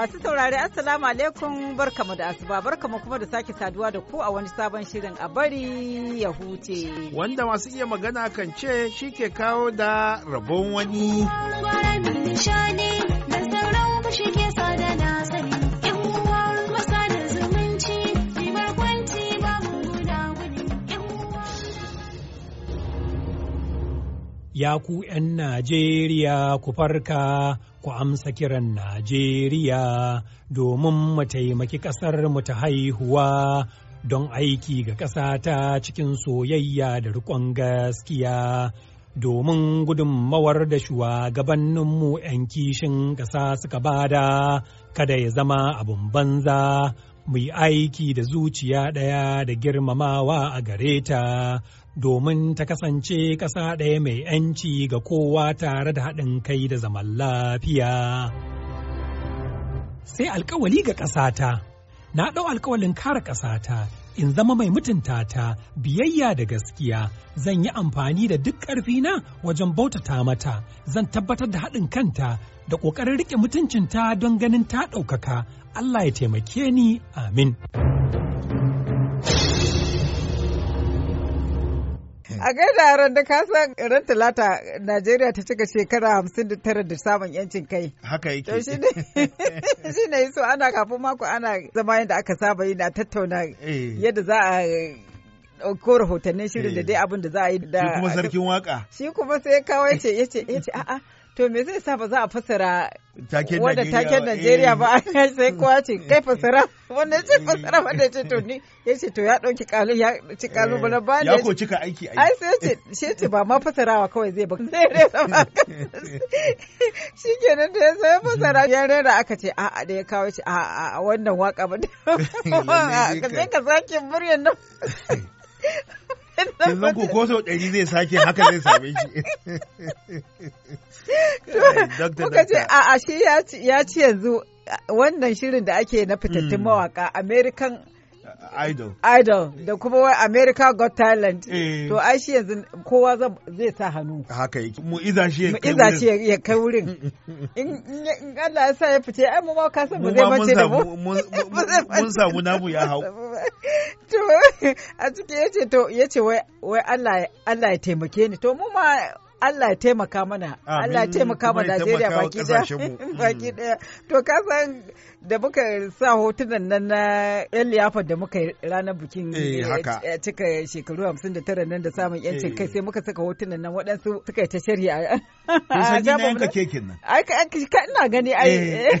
Masu saurari Assalamu alaikum barkamu da asuba barkamu kuma da sake saduwa da ku a wani sabon shirin a bari ya huce. Wanda masu iya magana kan ce shi ke kawo da rabon wani. Ya ku ‘yan Najeriya ku farka’ ku amsa kiran Najeriya domin mu taimaki ƙasar mu ta haihuwa don aiki ga ƙasa ta cikin soyayya da riƙon gaskiya. Domin gudunmawar da shugabanninmu 'yan kishin ƙasa suka bada kada ya zama abin banza, mu aiki da zuciya ɗaya da girmamawa a gare ta. domin ta kasance ƙasa ɗaya mai 'yanci ga kowa tare da haɗin kai da zaman lafiya. Sai alkawali ga ƙasata, na ɗau alkawalin kare ƙasata, in zama mai mutunta ta, biyayya da gaskiya, zan yi amfani da duk ƙarfina wajen bautata mata, zan tabbatar da haɗin kanta da ƙoƙarin riƙe mutuncinta don ganin ta ɗaukaka, Allah ya taimake ni, amin. A gaida ran da kasan ran talata Najeriya ta cika shekara hamsin da tara da samun yancin kai. Haka yake. To shi ne so ana kafin mako ana zama yadda aka saba yi na tattauna eh. yadda za a ko rahotannin shirin da eh. dai abin da za a yi da shi kuma sarkin waka shi kuma sai kawai ce ya yace a'a To me zai sa ba za a fassara wadda taken Najeriya ba eh. sai kowa ce kai fassara wanda ce fassara wanda ce to ni ya ce to ya ɗauki kalu ya ci kalu eh. bala ba ne. Ya ko cika aiki yi. Ai sai ce shi ce ba ma fasarawa kawai zai ba zai rera ba. Shi nan da ya sai fassara ya rera aka ce a'a da ya kawo ce a'a wannan waka ba. Ka sai ka sake muryan nan. kin san ko ko sau ɗari zai sake haka zai same shi kuka ce a ashe ya ci yanzu wannan shirin da ake na fitattun hmm. mawaka american idol idol da kuma wai america got talent eh. to ai shi yanzu kowa zai sa hannu haka yake mu iza shi ya kai wurin in Allah ya sa ya fice ai mu ma ka san mu zai mace da mu mun samu namu ya hau to a cikin yace to yace wai wai Allah Allah ya taimake ni to mu ma Allah ya taimaka mana Allah ya taimaka mana Najeriya baki daya baki mm. daya to ka san da muka sa hotunan nan na yan liyafar da muka ranar bikin eh, eh, eh, cika shekaru hamsin da tara nan da samun yancin kai sai muka saka hotunan nan waɗansu suka yi ta shari a kekin nan. ina gani ai.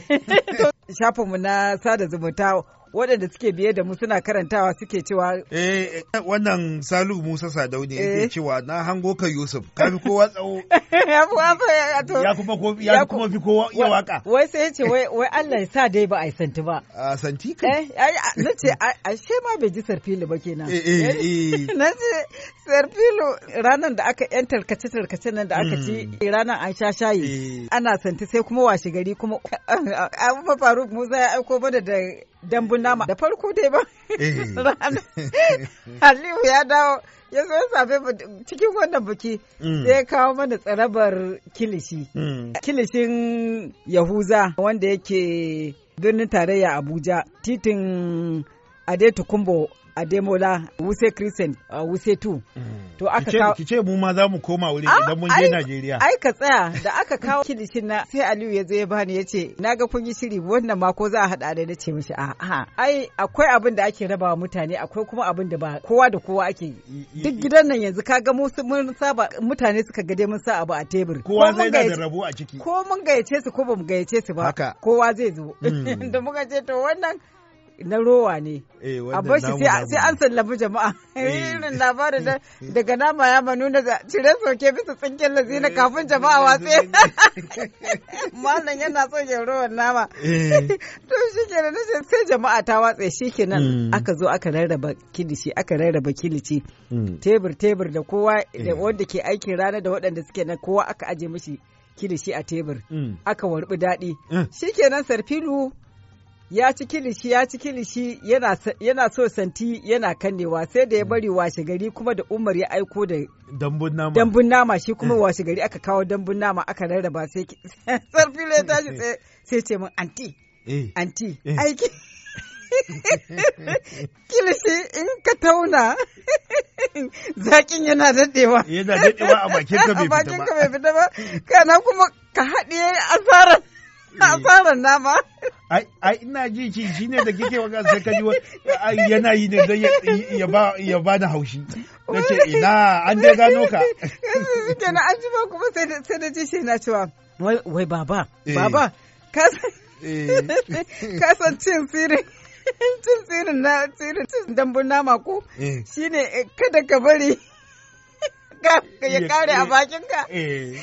Shafinmu na sada zumunta waɗanda suke biye da mu suna karantawa suke cewa eh wannan salu musa sadau ne yake cewa na hango ka yusuf ka fi kowa tsawo ya kuma ya kuma fi kowa ya waka wai sai ya ce wai Allah ya sa dai ba a yi santi ba. A santi kai. Eh, na ce, a she ma bai ji sarfilu ba kenan. Eh, eh, eh, na ce, sarfilu ranar da aka yan tarkace-tarkace nan da aka ci hmm. ranar an sha shayi. Ana santi sai kuma washe gari kuma abubuwa faruk musa ya aiko mana da dambun nama da farko dai ba. Aliyu ya dawo. ya zo safe cikin wannan biki hmm. sai ya kawo mana tsarabar kilishi hmm. kilishin yahuza wanda yake birnin tarayya Abuja titin adetokunbo Ademola Wuse Christian a uh, Wuse 2. Mm. To aka kawo Ki ce mu ma za mu koma wuri ah, idan mun je Najeriya. Ai ka tsaya da aka kawo kilishin na sai Aliyu ya zo ya bani ya ce na ga kun yi shiri wannan ma ko za a hada da na ce mishi a ai akwai abin da ake rabawa mutane akwai kuma abin da ba kowa da kowa ake yi. Duk gidan nan yanzu ka ga mun saba mutane suka ga dai mun sa abu a tebur. Kowa zai da rabo a ciki. Ko mun gayyace su ko ba mu gayyace su ba. Kowa zai zo. Mm. Da muka ce to wannan na rowa ne eh, a bashi sai an sallabi jama'a eh. irin labarin daga nama ya ma nuna da cire soke bisa tsinken lazina eh, kafin jama'a watse malam yana so ya rowan nama to shi ke kenan sai jama'a ta watse shi ke nan hmm. aka zo aka rarraba kilishi aka rarraba kilici hmm. tebur tebur da kowa da wanda ke aikin rana da waɗanda suke na kowa aka aje mishi kilishi a tebur hmm. aka warbi daɗi Shi nan sarfilu ya ci kilishi ya ci kilishi yana so santi yana kannewa sai da ya mm. bari washe gari kuma da umar ya aiko da dambun nama dambun nama shi kuma mm. washe gari aka kawo dambun nama aka rarraba sai sarfi ya tashi eh. sai ce min anti eh. anti eh. aiki kilishi in ka tauna zakin yana daɗewa yana daɗewa a bakin ka bai fita ba kana kuma ka haɗe asarar asarar nama ai ai ina ji ki shine da kike waka sai kaji yana yi ne dan ya ba ya ba da haushi nace ina an dai gano ka kenan an ji ba kuma sai da sai da ji shi na cewa wai wai baba eh. baba ka eh. ka san cin sirri cin tsirin na tsirin dambun nama ko eh. shine kada ka bari Ka ya kare a bakinka eh.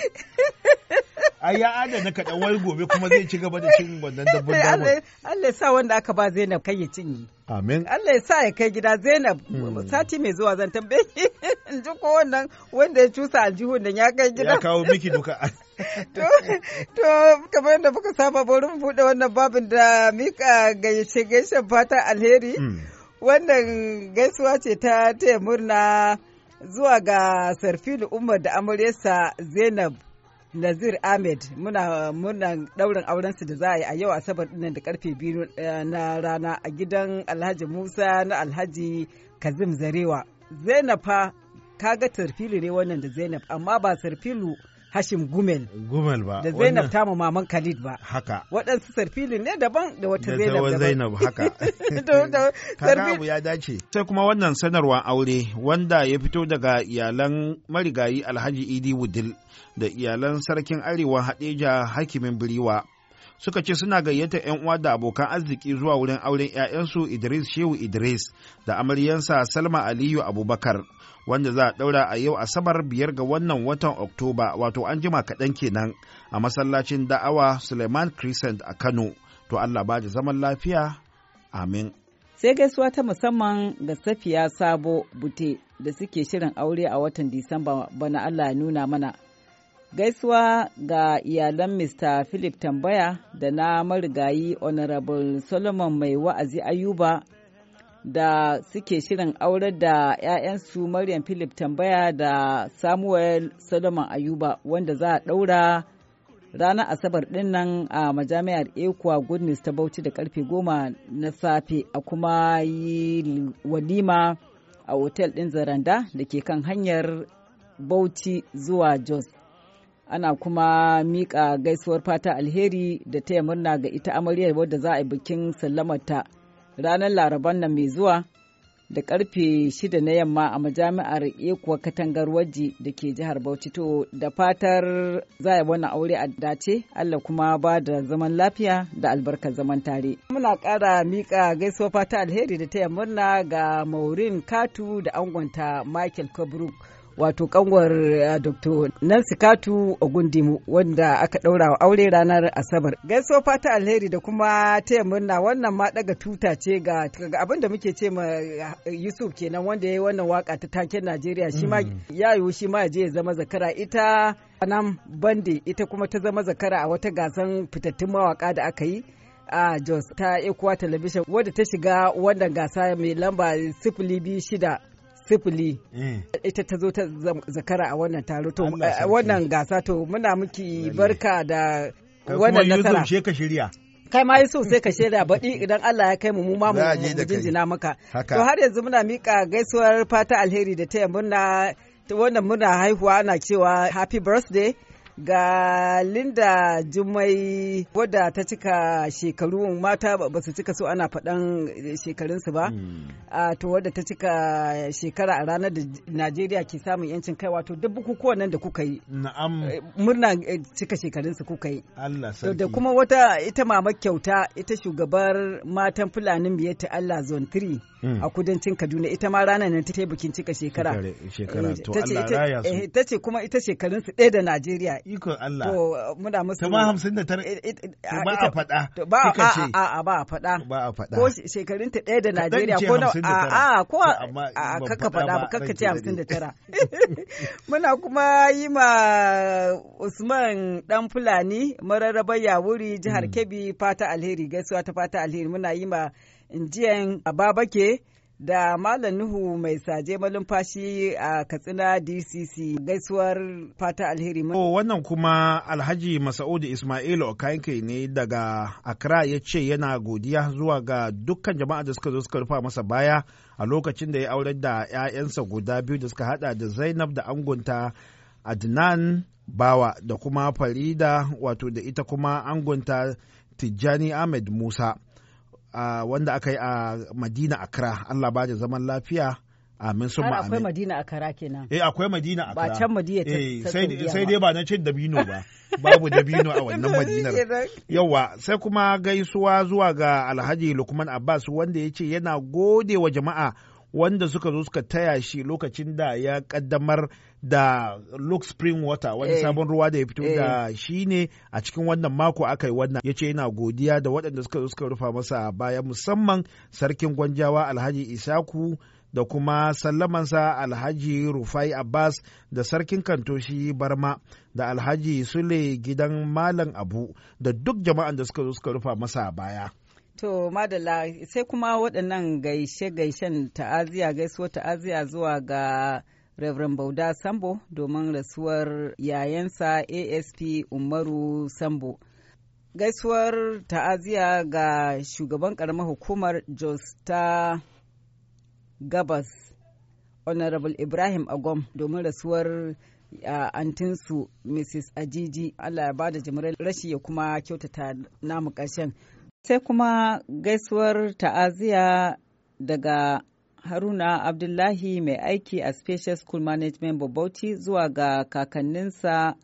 A ya adana kaɗan wai gobe kuma zai ci gaba da cin wannan dabbun damar Allah ya sa wanda aka ba Zainab kai ya cinye Amin. Allah ya sa ya kai gida Zainab hmm. sati mai zuwa zan tambaye ki in ji ko wannan wanda ya cusa aljihun nan ya kai gida. Ya kawo miki duka. to kamar yadda muka saba ba mu buɗe wannan babin da mika gaishe gaishen fatan alheri. Hmm. Wannan gaisuwa ce ta taya murna zuwa ga sarfilu umar da amaryarsa zainab nazir ahmed muna muna daurin aurensu da za a yi a yau asabar dinnan da karfe biyu eh, na rana a gidan alhaji musa na alhaji kazim zarewa zainab fa ga sarfilu ne wannan da zainab amma ba sarfilu Hashim Gumel. Gumel ba. Da Zainab ma Maman Khalid ba. Haka. Waɗansu sarfilin ne daban da wata Zainab daban. Da Zainab haka. abu ya dace. Sai kuma wannan sanarwar aure wanda ya fito daga iyalan marigayi Alhaji Idi Wudil da iyalan sarkin Arewa Hadeja Hakimin Biriwa. suka ce suna gayyata 'yan uwa da abokan arziki zuwa wurin auren 'ya'yansu Idris Shehu Idris da amaryansa Salma Aliyu Abubakar wanda za a ɗaura a yau Asabar biyar ga wannan watan Oktoba wato an jima kaɗan kenan a masallacin da'awa Suleiman Crescent a Kano. To Allah ba da zaman lafiya. Amin. Sai gaisuwa ta musamman ga Safiya Sabo Bute da suke shirin aure a watan Disamba bana Allah nuna mana. Gaisuwa ga iyalan Mr. Philip Tambaya da na marigayi Honorable Solomon mai wa'azi Ayuba da suke shirin aure da 'ya'yansu Maryam Philip Tambaya da Samuel Solomon Ayuba wanda za a ɗaura ranar Asabar ɗinnan a majami'ar Ekuwa Goodness ta Bauchi da karfe goma na safe a kuma yi walima a otel ɗin Zaranda da ke kan hanyar Bauchi zuwa Jos. ana kuma miƙa gaisuwar fata alheri da taya murna ga ita amaryar wadda za a yi bikin sallamarta ranar laraban nan mai zuwa da karfe shida na yamma a majami'ar ekuwa katangar waje da ke jihar bauchi to da fatar za a yi wani aure a dace allah kuma ba da zaman lafiya da albarkar zaman tare muna kara miƙa gaisuwar fata alheri da taya murna ga maurin katu da angonta michael kubrick wato kanwar eh, dr katu ogundimu wanda aka ɗaura wa aure ranar asabar gaiso fata alheri da kuma taya murna wannan ma daga tuta ce ga abin da muke ce ma eh, yusuf kenan wanda ya yi wannan waka ta taken najeriya shi ma mm. ya yiwu shi ma je ya zama zakara ita nan bande ita kuma ta zama zakara a wata gasan fitattun mawaka da aka yi a jos ta ekuwa talabishin wadda ta shiga wannan gasa mai lamba sifili biyu shida sifili eh. ita ta zo ta zakara a wannan taro to eh, wannan gasa to muna miki barka da wannan nasara ka shirya kai ma so sai ka shirya baɗi idan Allah ya kai mu mu ma mu jinjina maka to har yanzu muna mika gaisuwar fata alheri da taya murna wannan muna haihuwa ana cewa happy birthday ga Linda Jumai wadda ta cika shekaru mata ba su cika so ana faɗan shekarunsu ba hmm. a ah, to wadda ta cika shekara a ranar da Najeriya ke samun yancin kai wato duk bukukuwa nan da kuka yi na'am eh, murna eh, cika shekarunsu kuka yi Allah sarki da kuma wata ita mama kyauta ita shugabar matan Fulani biyar ta Allah zone 3 hmm. a kudancin Kaduna ita ma ranar nan ta yi bikin cika shekara eh, ta ce kuma ita shekarunsu ɗaya da Najeriya ikon Allah to muda musu ta ma 59 eh, eh, eh, ba a faɗa ba a a ba a faɗa ba a faɗa ko shekarun ta ɗaya da Najeriya ko na a a ko a kaka faɗa ba kaka ce hamsin da tara. muna kuma yi ma Usman ɗan Fulani mararrabar Yawuri jihar hmm. Kebbi fata alheri gaisuwa ta fata alheri muna yi ma injiyan Babake da Malam Nuhu mai saje malumfashi a Katsina DCC gaisuwar fata alheri. To wannan kuma Alhaji Masaudi Ismailu okanke ne daga Accra ya ce yana godiya zuwa ga dukkan jama'a da suka zo suka rufa masa baya a lokacin da ya aurar da 'ya'yansa guda biyu da suka hada da Zainab da angunta Adnan Bawa da kuma Farida wato da ita kuma angunta Tijjani Ahmed Musa. wanda aka yi a Madina akra Allah ba zaman lafiya amin sun ma'amin. akwai Madina akra kenan. Eh akwai Madina akra Ba can Madina ta Eh sai dai ba na cin dabino ba. Babu dabino a wannan Madinar. Yawa sai kuma gaisuwa zuwa ga Alhaji Lukman Abbas wanda ya ce yana gode wa jama'a wanda suka zo suka taya shi lokacin da ya kaddamar da look Spring Water wani hey. Eh. sabon ruwa da ya fito hey. da eh. shi ne a cikin wannan mako aka yi wannan ya ce yana godiya da waɗanda suka zo suka rufa masa baya musamman sarkin gwanjawa Alhaji Isaku da kuma sallamansa alhaji rufai abbas da sarkin kantoshi barma da alhaji sule gidan malam abu da duk jama'an da suka zo suka rufa masa a baya To madala sai kuma waɗannan gaishe-gaishen ta'aziya gaisuwar ta'aziya zuwa ga Reverend Bauda Sambo domin rasuwar yayansa ASP Umaru Sambo. Gaisuwar ta'aziya ga shugaban ƙaramar hukumar Josta Gabas, Honorable Ibrahim Agom domin rasuwar uh, antinsu Mrs. Ajiji. Allah ya bada jimirar rashi ya kuma kyautata namu ƙarshen. sai kuma gaisuwar ta'aziya daga haruna abdullahi mai aiki a special school management bobauti zuwa ga kakanninsa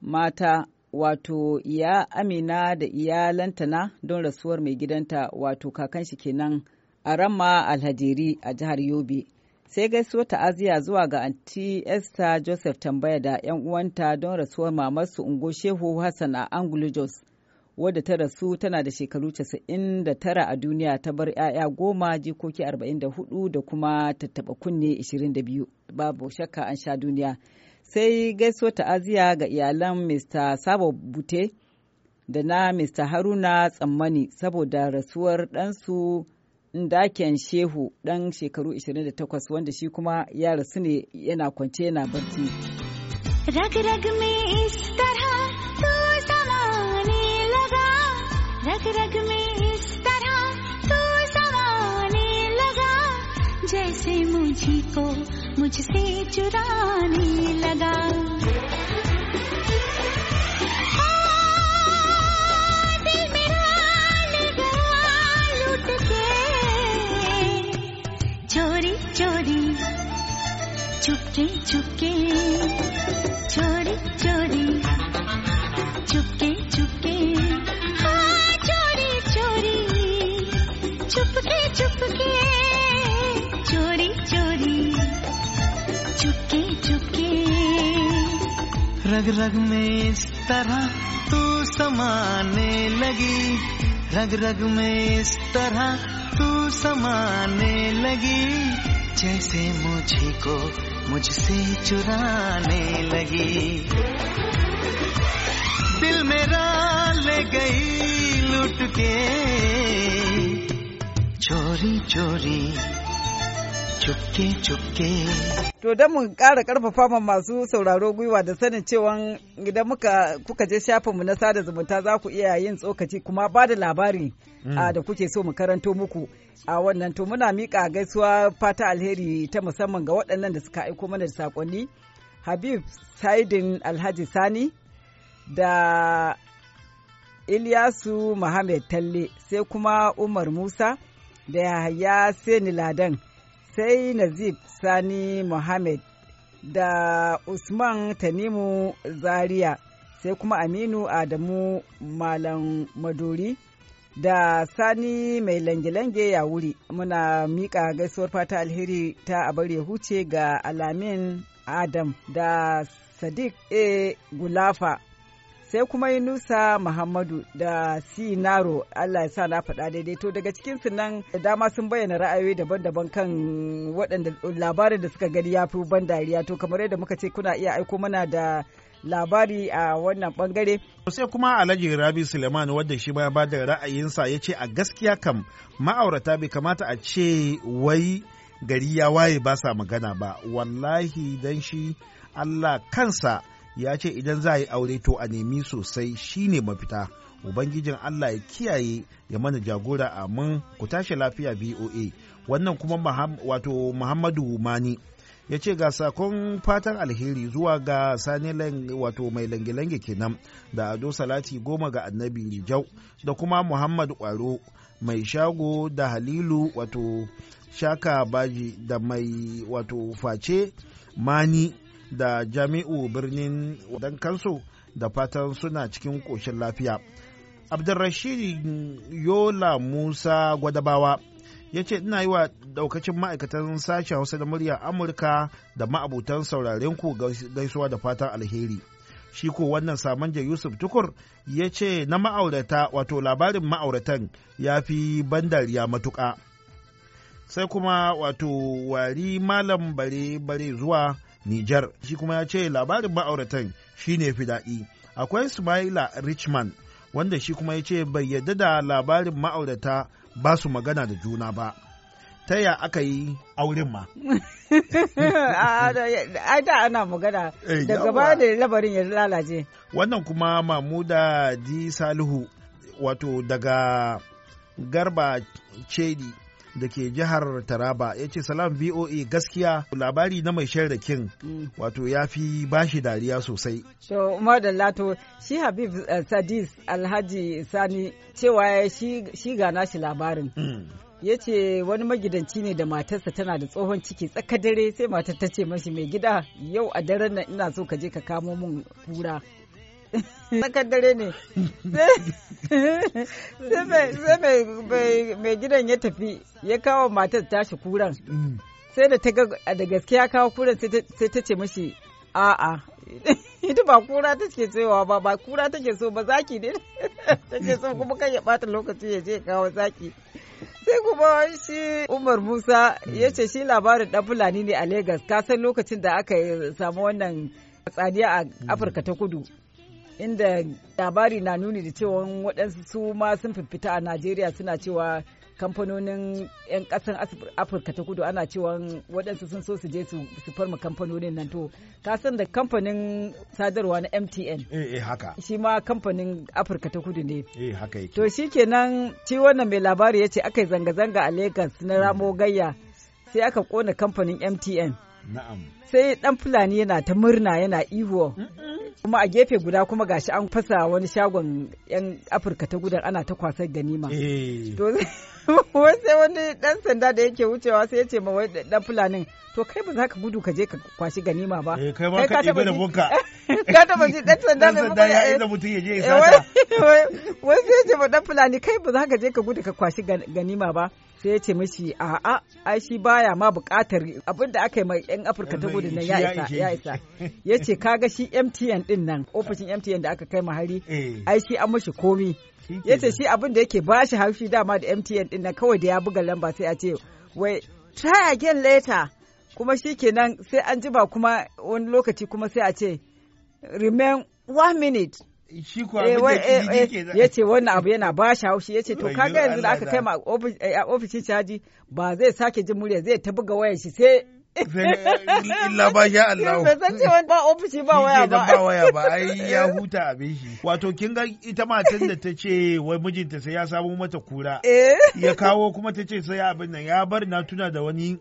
mata wato iya amina da iyalanta na don rasuwar mai gidanta wato kakan shi kenan a rama alhadiri a jihar yobe sai gaisuwar ta'aziya zuwa ga anti esther joseph tambaya da 'yan uwanta don rasuwar mamarsu ungo shehu hassan a anglo jos wadda ta rasu tana da shekaru 99 a duniya ta bar 'ya'ya goma jikoki 44 da kuma tattaba kunne 22 babu shakka an sha duniya sai gaisuwar ta'aziya ga iyalan mr sabo bute da na mr haruna tsammani saboda rasuwar ɗansu ɗakin shehu ɗan shekaru 28 wanda shi kuma ya rasu ne yana kwance yana barci. Rag rag me ista रग रग में इस तरह तू तो सवाने लगा जैसे मुझी को मुझसे चुराने लगा चोरी चोरी चुपके चुपके रग रग में इस तरह तू समाने लगी रग रग में इस तरह तू समाने लगी जैसे मुझे को मुझसे चुराने लगी दिल मेरा ले गई लुट के चोरी चोरी To don mu ƙara ƙarfafa ma masu sauraro gwiwa da sanin cewa idan muka kuka je mu na sada zumunta za ku iya yin tsokaci kuma ba da labari mm. ah, da kuke so mu karanto muku a wannan to muna miƙa gaisuwa fata alheri ta musamman ga waɗannan da suka aiko mana da saƙonni. Habib Saidin Alhaji Sani da Ilyasu Muhammad Talle sai kuma Umar Musa da Yahaya Seni Ladan sai nazib sani mohammed da usman tanimu zaria sai kuma aminu adamu malam maduri da sani mai lange-lange ya wuri muna miƙa gaisuwar fata alheri ta abar ya huce ga alamin adam da sadiq a gulafa sai kuma Yunusa Muhammadu da Sinaro Allah ya sa na faɗa daidai to daga cikin su nan dama sun bayyana ra'ayoyi daban-daban kan waɗanda labarin da suka gani ya fi ban dariya to kamar yadda muka ce kuna iya aiko mana da labari a wannan bangare. sai kuma alhaji rabi suleiman wadda shi ma ba da ra'ayinsa ya ce a gaskiya kam ma'aurata bai kamata a ce wai gari ya waye ba sa magana ba wallahi dan shi allah kansa ya ce idan za a yi aure to a nemi sosai shine mafita ubangijin allah ya kiyaye ya mana jagora a mun ku tashi lafiya voa wannan kuma wato muhammadu mani ya ce ga sakon fatan alheri zuwa ga sani wato mai lange-lange kenan da ado salati goma ga annabi rijau da kuma Muhammadu kwaro mai shago da halilu wato shaka baji da mai wato face mani da jami'u birnin wadan kansu da fatan suna cikin ƙoshin lafiya abdulrashid yola musa gwadabawa ya ce ina yi wa daukacin ma'aikatan sashen hausa da murya amurka da ma'abutan sauraren ku gaisuwa da fatan alheri shi ko wannan je yusuf tukur ya ce na ma'aurata wato labarin ma'auratan ya fi ban dariya matuƙa sai kuma wato wari malam bare bare zuwa Nijar. Shi kuma ya ce labarin ma'auratan shi ne fi daɗi. Akwai Sumaila Richman wanda shi kuma ya ce bai yadda da labarin ma'aurata ba su magana da juna ba. Ta ya aka yi auren ma? Ai da ana magana eh, da gaba da labarin ya lalace. Wannan kuma Mamuda Di Salihu wato daga Garba Chedi. da ke jihar Taraba ya ce salam VOA gaskiya labari na mai shan sharrakin wato ya fi bashi dariya sosai. To Umar da Lato shi Habib eh, Sadis Alhaji Sani cewa shi gana shi labarin. Mm. ya ce wani magidanci ne da matarsa tana da tsohon ciki tsakadare sai matar ta ce mashi mai gida yau a daren nan ina so ka je ka kamo min kura tsakar dare ne sai mai gidan ya tafi ya kawo matar tashi kuran mm. sai da ta da gaske ya kawo kuran sai ta ce mashi a'a ita ba kura ta ke tsayawa ba ba kura ta ke so ba zaki ne ta ke so kuma kan ya bata lokaci ya je kawo zaki sai kuma shi umar musa ya ce shi labarin ɗan fulani ne a Legas ka san lokacin da aka samu wannan tsadiya a afirka ta kudu inda labari na nuni da cewa waɗansu su ma sun fifita a najeriya suna cewa kamfanonin 'yan ƙasar afirka ta kudu ana cewa waɗansu sun so su je su farma kamfanonin nan to ka san da kamfanin sadarwa na mtn eh, eh haka shi ma kamfanin afirka ta kudu ne eh haka yake to shikenan shi wannan mai labari ya ce aka yi zanga-zanga a lagos na ramo gayya sai aka kona kamfanin mtn sai dan fulani yana ta murna yana ihuwa. kuma a gefe guda kuma gashi an fasa wani shagon yan afirka ta gudan ana ta kwasar ganima eh. sai wani dan sanda da yake wucewa sai ya ce ma wai dan fulanin to kai ba za ka gudu ka je ka kwashi ganima ba eh, kai ma ka ɗiba da bunka ka taba ji ɗan sanda ne ba ya yi da mutum ya je ya eh, sata wai sai ya ce ma dan fulani kai ba za ka je ka gudu ka kwashi ganima ba sai ya ce mashi a'a ai shi baya ma bukatar abin da aka yi mai yan afirka ta gudu na ya isa ya isa ya ce kaga shi mtn din nan ofishin mtn da aka kai mahari eh. ai shi an mashi komi ya ce shi abin da yake bashi haushi dama da mtn din nan kawai da ya buga lamba sai a ce wai try again later kuma shi kenan sai an jima kuma wani lokaci kuma sai a ce remain one minute shi kuwa eh, eh, eh, ya ce wannan abu yana ba shi haushi ya ce to kaga yanzu da aka kai ma a ofishin caji ba zai sake jin murya zai ta buga wayar shi sai illa ba ya Allah ba san cewa ba ofishi ba waya ba ba waya ba ai ya huta abin shi wato kin ga ita matan da ta ce wai mijinta sai ya samu mata kura ya kawo kuma ta ce sai abin nan ya bar na tuna da wani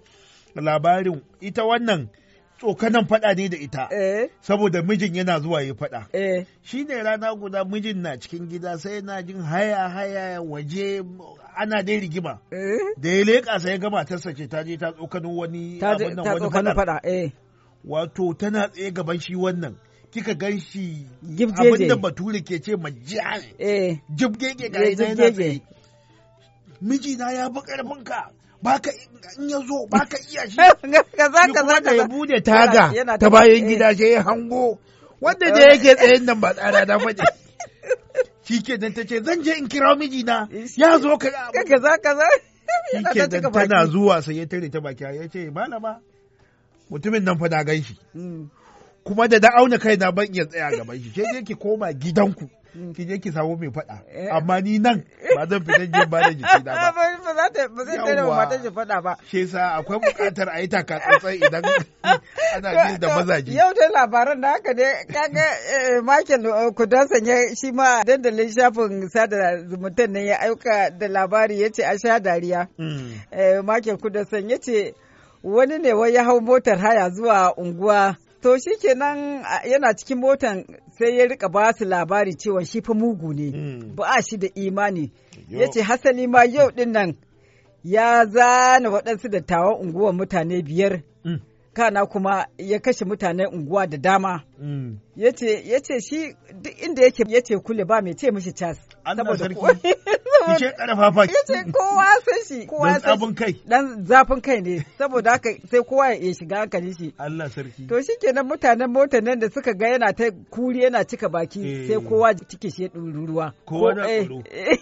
labarin ita wannan tsokanan faɗa ne da ita eh. saboda mijin yana zuwa ya faɗa eh. shi ne rana guda mijin na cikin gida sai yana jin haya haya waje ana dai rigima eh. da ya leƙa sai ya gama tasa ce ta je ta tsokanin wani faɗa wato tana tsaye gaban shi wannan kika gan shi abinda bature ke ce majiyar jibgege ga yana tsaye mijina ya fi ƙarfinka baka in ya zo baka iya shi kaza kaza da ya bude taga ta bayan gida sai ya hango wanda da yake tsayin nan ba tsara da faɗi shi ke dan ta ce zan je in kira mijina ya zo ka kaza kaza shi ke dan tana zuwa sai ya tare ta baki ya ce ba mutumin nan fa na gan shi mm. kuma da na auna kai da ban iya tsaya gaban shi sai dai ki koma gidanku ki je ki samu mai faɗa eh. amma ni nan ba zan fita je ba da jiki na ba ba zai tare mata ji shi faɗa ba shi yasa akwai buƙatar a yi taka tsantsan idan ana ji da mazaje yau dai labaran da haka ne kaga eh, Michael eh, Kudansan ya shi ma dandalin shafin sada zumuntan ne ya aika da labari ya ce a sha dariya hmm. Michael Kudansan ya ce wani ne wai ya hau motar haya zuwa unguwa To shi kenan yana cikin motan sai ya rika ba su labari cewa shi fa mugu ne, hmm. ba shi da imani. Ya ce hasali ma yau din ya zana waɗansu dattawan unguwar mutane biyar kana kuma ya kashe mutane unguwa da dama. Mm. Ya ce shi duk inda yake ya ce kule ba mai ce mishi cas. Saboda ce karfafa ya ce kowa san shi kowa san shi kai dan zafin kai ne saboda haka sai kowa ya shiga hankali shi Allah sarki to shi shikenan mutanen mota nan da suka ga yana ta kuri yana cika baki eh. sai kowa cikin shi ya ɗuri ruwa kowa na eh. tsoro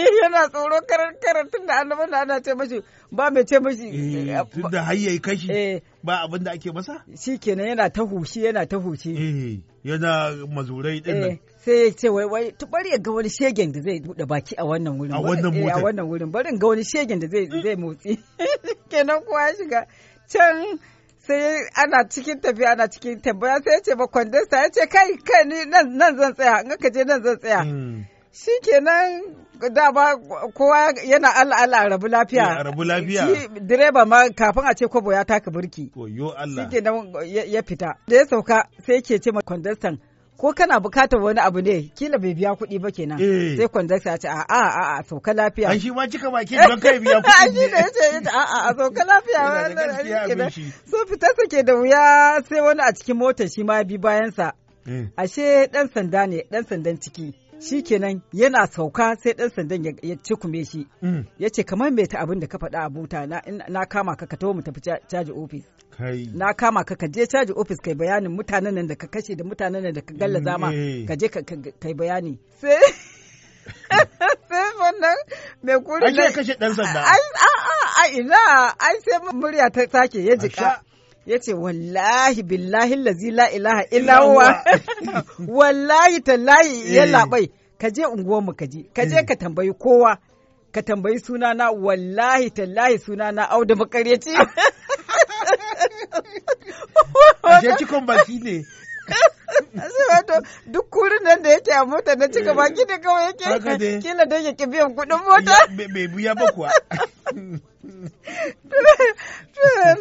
Eh, yana tsoro karatun da annaban da ana ce mashi ba mai ce mashi eh, tun da hayyai kashi eh. ba abin da ake masa shi kenan yana ta hushi yana ta hushi yana mazurai din nan sai ya ce wai wai to bari ya ga wani shegen da zai bude baki a wannan wurin a wannan motar a wannan wurin barin ga wani shegen da zai zai motsi kenan kuwa ya shiga can sai ana cikin tafiya ana cikin tambaya sai ya ce ba kwandesta ya ce kai kai ni nan zan tsaya in ka je nan zan tsaya hmm. shi kenan dama kowa yana al'ala rabu lafiya rabu lafiya shi direba ma kafin a ce kwabo ya taka birki Allah shi kenan ya fita da ya sauka sai ke ce ma kwandastan ko kana bukatar wani abu ne kila bai biya kuɗi ba kenan eh. sai kwandasta ya ce a a a sauka lafiya an shi ma cika baki don kai biya kuɗi an shi da ya ce a a a sauka lafiya so fitarsa ke da wuya sai wani a cikin motar shi ma bi bayansa eh. ashe dan sanda ne dan sandan ciki shi kenan yana sauka sai ɗan sandan ya cikume shi mm. ya ce kamar mai ta abin da ka faɗa a buta na kama ka ka taho mu tafi caji ofis na kama ka ka je caji ofis kai bayanin mutanen nan da ka kashe da mutanen nan da ka galla zama mm, eh. ka je kai bayani sai sai wannan mai kuri ne kashe ɗan sanda a ina ai sai murya ta sake ya jika ya ce wallahi billahi lazi la ilaha illawa wallahi tallahi eh. ya labai ka je unguwarmu ka je ka je eh. ka tambayi kowa ka tambayi sunana wallahi tallahi sunana auda A Ashe cikon baki ne. Ashe wato duk kurin nan da yake a mota na cika baki da kawai yake kila don ya biyan kuɗin mota. Bai biya ba kuwa.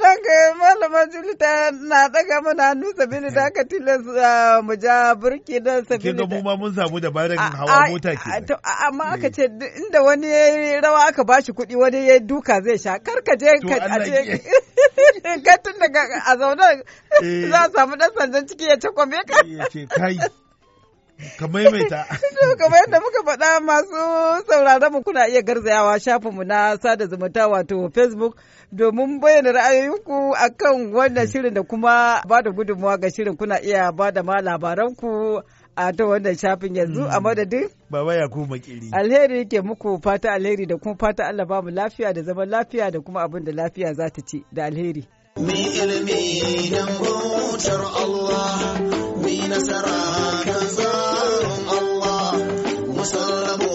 nan ga malama julita na daga mana hannu sabili da aka tilasta mu ja burki da sabili mu ma mun samu dabarar hawa mota ke amma aka ce inda wani ya rawa aka bashi kuɗi wani ya duka zai sha kar ka je ka je ka tun daga a zauna za a samu dan sandan ciki ya ce kwame ka ka maimaita. To yadda muka faɗa masu sauraron mu kuna iya garzayawa shafinmu na sada zumunta wato Facebook domin bayyana ra'ayoyinku akan wannan hmm. shirin da kuma ba gudunmawa ga shirin kuna iya ba da ma labaranku a ta wannan shafin yanzu a hmm. madadin. Baba ya kuma makiri. Alheri ke muku fata alheri da kuma fata Allah ba mu lafiya da zaman lafiya da kuma abin da lafiya za ta ci da alheri. Allah Allah